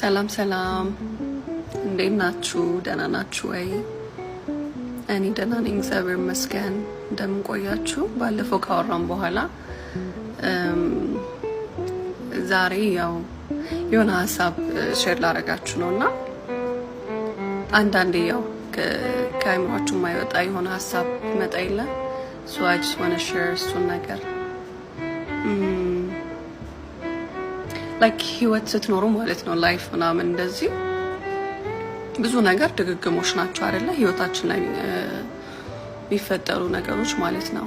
ሰላም ሰላም፣ እንዴት ናችሁ? ደህና ናችሁ ወይ? እኔ ደህና ነኝ፣ እግዚአብሔር ይመስገን። እንደምን ቆያችሁ? ባለፈው ካወራም በኋላ ዛሬ ያው የሆነ ሀሳብ ሼር ላረጋችሁ ነው እና አንዳንዴ ያው ከአይምሯችሁ የማይወጣ የሆነ ሀሳብ ይመጣ የለ ሷጅ ሆነ ሼር እሱን ነገር ላይክ ህይወት ስትኖሩ ማለት ነው ላይፍ ምናምን እንደዚህ ብዙ ነገር ድግግሞች ናቸው አይደለ? ህይወታችን ላይ የሚፈጠሩ ነገሮች ማለት ነው።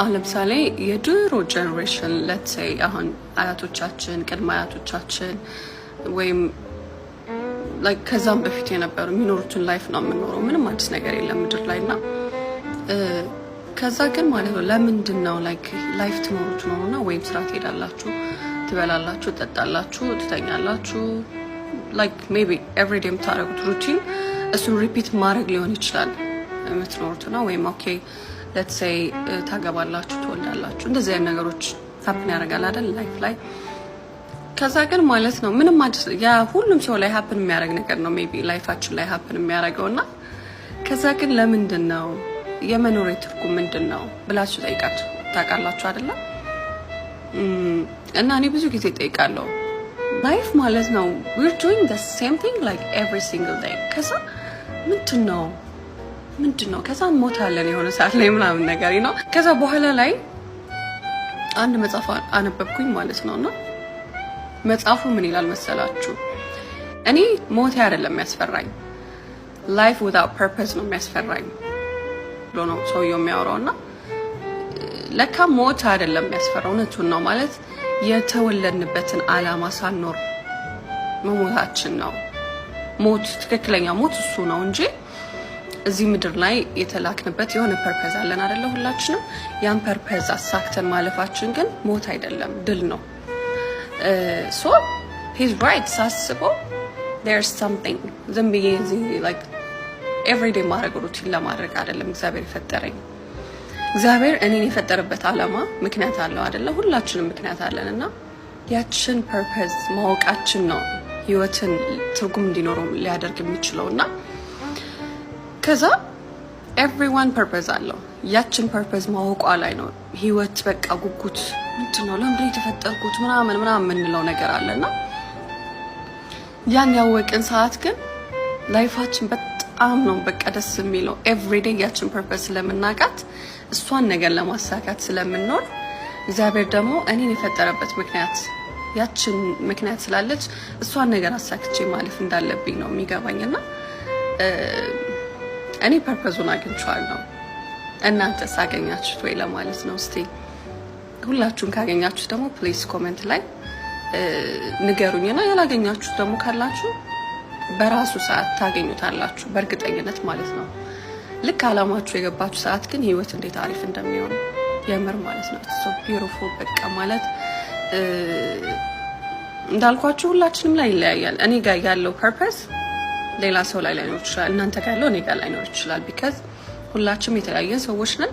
አሁን ለምሳሌ የድሮ ጀኔሬሽን ለት ሴይ አሁን አያቶቻችን፣ ቅድመ አያቶቻችን ወይም ከዛም በፊት የነበሩ የሚኖሩትን ላይፍ ነው የምኖረው ምንም አዲስ ነገር የለም ምድር ላይ እና ከዛ ግን ማለት ነው ለምንድን ነው ላይክ ላይፍ ትኖሩ ትኖሩና ወይም ስራ ትሄዳላችሁ ትበላላችሁ፣ ትጠጣላችሁ፣ ትተኛላችሁ። ላይክ ሜይ ቢ ኤቭሪዴይ የምታደርጉት ሩቲን እሱን ሪፒት ማድረግ ሊሆን ይችላል የምትኖሩት ነው። ወይም ኦኬ ሌትስ ሴይ ታገባላችሁ፣ ትወልዳላችሁ። እንደዚህ አይነት ነገሮች ሀፕን ያደርጋል አይደል ላይፍ ላይ። ከዛ ግን ማለት ነው ምንም አዲስ ያ ሁሉም ሰው ላይ ሀፕን የሚያደርግ ነገር ነው ሜይ ቢ ላይፋችን ላይ ሀፕን የሚያደርገው እና ከዛ ግን ለምንድን ነው የመኖሬ ትርጉም ምንድን ነው ብላችሁ ጠይቃችሁ ታውቃላችሁ አይደለም? እና እኔ ብዙ ጊዜ ጠይቃለሁ ላይፍ ማለት ነው ዊር ዱዊንግ ዘ ሴም ቲንግ ላይክ ኤቭሪ ሲንግል ዴይ ከዛ ምንድን ነው ምንድን ነው ከዛ ሞታለን የሆነ ሰዓት ላይ ምናምን ነገር ነው። ከዛ በኋላ ላይ አንድ መጽሐፍ አነበብኩኝ ማለት ነው እና መጽሐፉ ምን ይላል መሰላችሁ? እኔ ሞቴ አይደለም የሚያስፈራኝ ላይፍ ዊዛውት ፐርፐስ ነው የሚያስፈራኝ ብሎ ነው ሰውየው የሚያወራው እና ለካ ሞት አይደለም የሚያስፈራው እውነቱን ነው ማለት የተወለድንበትን ዓላማ ሳኖር መሞታችን ነው። ሞት ትክክለኛ ሞት እሱ ነው እንጂ እዚህ ምድር ላይ የተላክንበት የሆነ ፐርፐዝ አለን አደለ? ሁላችንም ያን ፐርፐዝ አሳክተን ማለፋችን ግን ሞት አይደለም፣ ድል ነው። ሶ ሂዝ ራይት ሳስበው ርስ ሳምቲንግ ዝም ብዬ ማድረግ ሩቲን ለማድረግ አደለም እግዚአብሔር የፈጠረኝ እግዚአብሔር እኔን የፈጠረበት ዓላማ ምክንያት አለው አይደለ? ሁላችንም ምክንያት አለን እና ያችን ፐርፐዝ ማወቃችን ነው ህይወትን ትርጉም እንዲኖረው ሊያደርግ የሚችለው እና ከዛ ኤቭሪዋን ፐርፐዝ አለው። ያችን ፐርፐዝ ማወቋ ላይ ነው ህይወት በቃ ጉጉት ምንድን ነው ለምንድን የተፈጠርኩት ምናምን ምናምን የምንለው ነገር አለ እና ያን ያወቅን ሰዓት ግን ላይፋችን በጣም ነው በቃ ደስ የሚለው ኤቭሪዴይ ያችን ፐርፐዝ ስለምናውቃት እሷን ነገር ለማሳካት ስለምንኖር እግዚአብሔር ደግሞ እኔን የፈጠረበት ምክንያት ያችን ምክንያት ስላለች እሷን ነገር አሳክቼ ማለፍ እንዳለብኝ ነው የሚገባኝ። እና እኔ ፐርፐዙን አግኝቼዋለሁ። እናንተስ አገኛችሁት ወይ ለማለት ነው። እስቲ ሁላችሁም ካገኛችሁት ደግሞ ፕሌስ ኮመንት ላይ ንገሩኝና ያላገኛችሁት ደግሞ ካላችሁ በራሱ ሰዓት ታገኙታላችሁ በእርግጠኝነት ማለት ነው። ልክ አላማችሁ የገባችሁ ሰዓት ግን ህይወት እንዴት አሪፍ እንደሚሆን የምር ማለት ነው። ሶ ቢሮፎ በቃ ማለት እንዳልኳችሁ ሁላችንም ላይ ይለያያል። እኔ ጋር ያለው ፐርፐስ ሌላ ሰው ላይ ላይኖር ይችላል። እናንተ ጋር ያለው እኔ ጋር ላይኖር ይችላል። ቢካዝ ሁላችንም የተለያየን ሰዎች ነን፣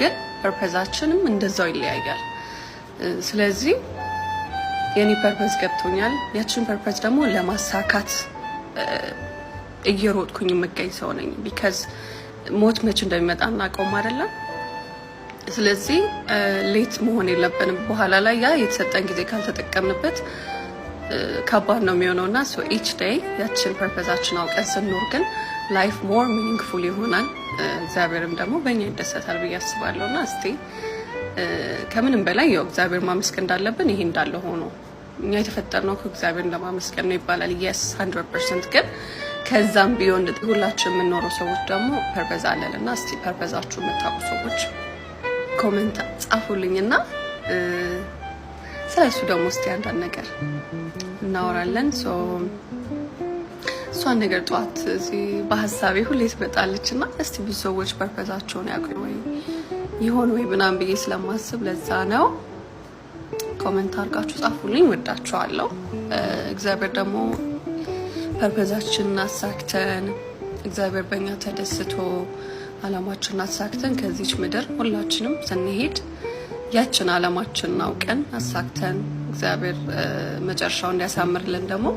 ግን ፐርፐዛችንም እንደዛው ይለያያል። ስለዚህ የኔ ፐርፐስ ገብቶኛል። ያችን ፐርፐስ ደግሞ ለማሳካት እየሮጥኩኝ የምገኝ ሰው ነኝ ቢካዝ ሞት መቼ እንደሚመጣ እናውቀውም አይደለም። ስለዚህ ሌት መሆን የለብንም። በኋላ ላይ ያ የተሰጠን ጊዜ ካልተጠቀምንበት ከባድ ነው የሚሆነው እና ኢች ዴይ ያችን ፐርፐዛችን አውቀን ስንኖር ግን ላይፍ ሞር ሚኒንግፉል ይሆናል። እግዚአብሔርም ደግሞ በእኛ ይደሰታል ብዬ አስባለሁ እና እስቲ ከምንም በላይ ያው እግዚአብሔር ማመስገን እንዳለብን ይሄ እንዳለ ሆኖ እኛ የተፈጠርነው ከእግዚአብሔር ለማመስገን ነው ይባላል። የስ 100 ፐርሰንት ግን ከዛም ቢሆን ሁላችን የምንኖረው ሰዎች ደግሞ ፐርፐዝ አለን እና እስቲ ፐርፐዛችሁ የምታውቁ ሰዎች ኮመንት ጻፉልኝ እና ስለሱ ደግሞ እስቲ አንዳንድ ነገር እናወራለን። እሷን ነገር ጠዋት እዚህ በሀሳቤ ሁሌ ትመጣለች እና እስቲ ብዙ ሰዎች ፐርፐዛቸውን ያውቁ ወይ ይሆን ወይ ምናምን ብዬ ስለማስብ ለዛ ነው። ኮመንት አድርጋችሁ ጻፉልኝ። ወዳችኋለሁ። እግዚአብሔር ደግሞ ፐርፐዛችንን አሳክተን እግዚአብሔር በእኛ ተደስቶ አላማችንን አሳክተን ከዚች ምድር ሁላችንም ስንሄድ ያችን አላማችንን አውቀን አሳክተን እግዚአብሔር መጨረሻው እንዲያሳምርልን ደግሞ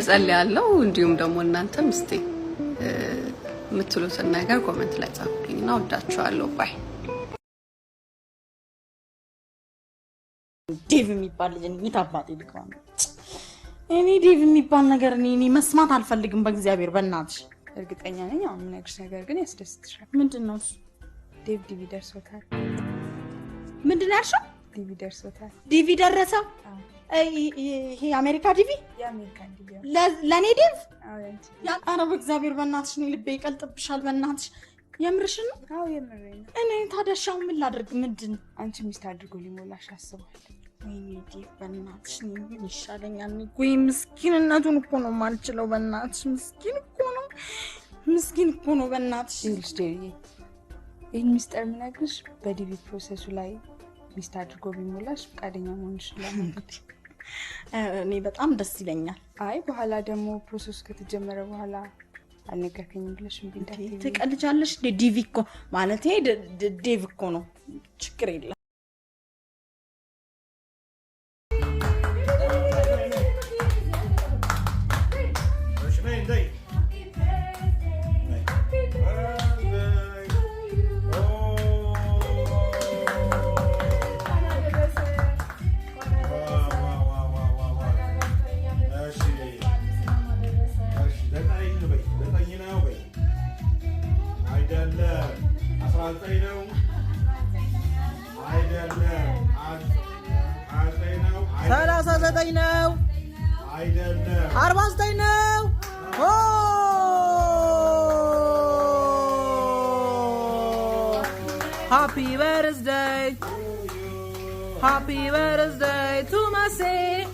እጸልያለሁ። እንዲሁም ደግሞ እናንተም እስቲ የምትሉትን ነገር ኮመንት ላይ ጻፉልኝ እና ወዳችኋለሁ። ባይ ዴቭ የሚባል ልጅ እኔ ዴቭ የሚባል ነገር እኔ መስማት አልፈልግም። በእግዚአብሔር በእናትሽ። እርግጠኛ ነኝ አሁን የምነግርሽ ነገር ግን ያስደስትሻል። ምንድን ነው እሱ? ዴቭ ዲቪ ደርሶታል። ምንድን ነው ያልሽው? ዲቪ ደርሶታል። ዲቪ ደረሰው? ይሄ የአሜሪካ ዲቪ ለእኔ ዴቭ? ኧረ በእግዚአብሔር በእናትሽ እኔ ልቤ ይቀልጥብሻል። በእናትሽ የምርሽ ነው? እኔ ታዲያ ሻው ምን ላድርግ? ምንድን አንቺ ሚስት አድርጎ ሊሞላሽ አስቧል። በእናትሽ ግን ይሻለኛል። ወይ ምስኪንነቱን እኮ ነው የማልችለው። በእናትሽ ምስኪን እኮ ነው፣ ምስኪን እኮ ነው። በእናትሽ ልጅ ደውዬ ይህን ሚስጥር የምነግርሽ በዲቪ ፕሮሰሱ ላይ ሚስት አድርጎ ቢሞላሽ ፈቃደኛ መሆንሽ ለማለት እኔ በጣም ደስ ይለኛል። አይ በኋላ ደግሞ ፕሮሰሱ ከተጀመረ በኋላ አልነገርከኝም ብለሽ ትቀልጃለሽ። ዲቪ እኮ ማለቴ ዴቭ እኮ ነው። ችግር የለም Say no. Say no. Say no. I don't know. I don't know. Oh! Happy Wednesday. Happy Wednesday to my city.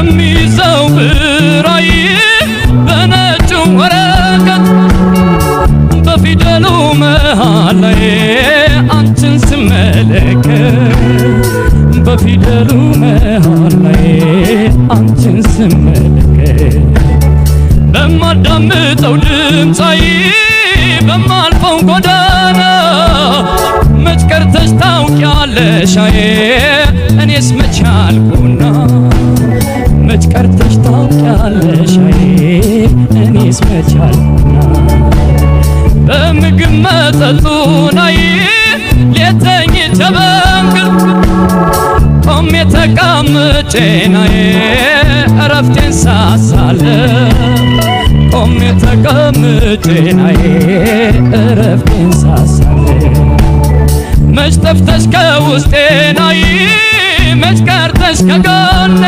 በሚይዘው ብራይ በነጩ ወረቀት በፊደሉ መሃል ላይ አንችን ስመለከት በፊደሉ መሃል ላይ አንችን ስመለከት በማዳምጠው ድምፃዬ በማልፈው ጎዳና መች ቀርተሽ ታውቂያለሽ? እኔስ መቻልኩና ጤናዬ እረፍቴን ሳሳለ መች ጠፍተሽ ከውስጤ ነይ መች ቀርተሽ ከጎኔ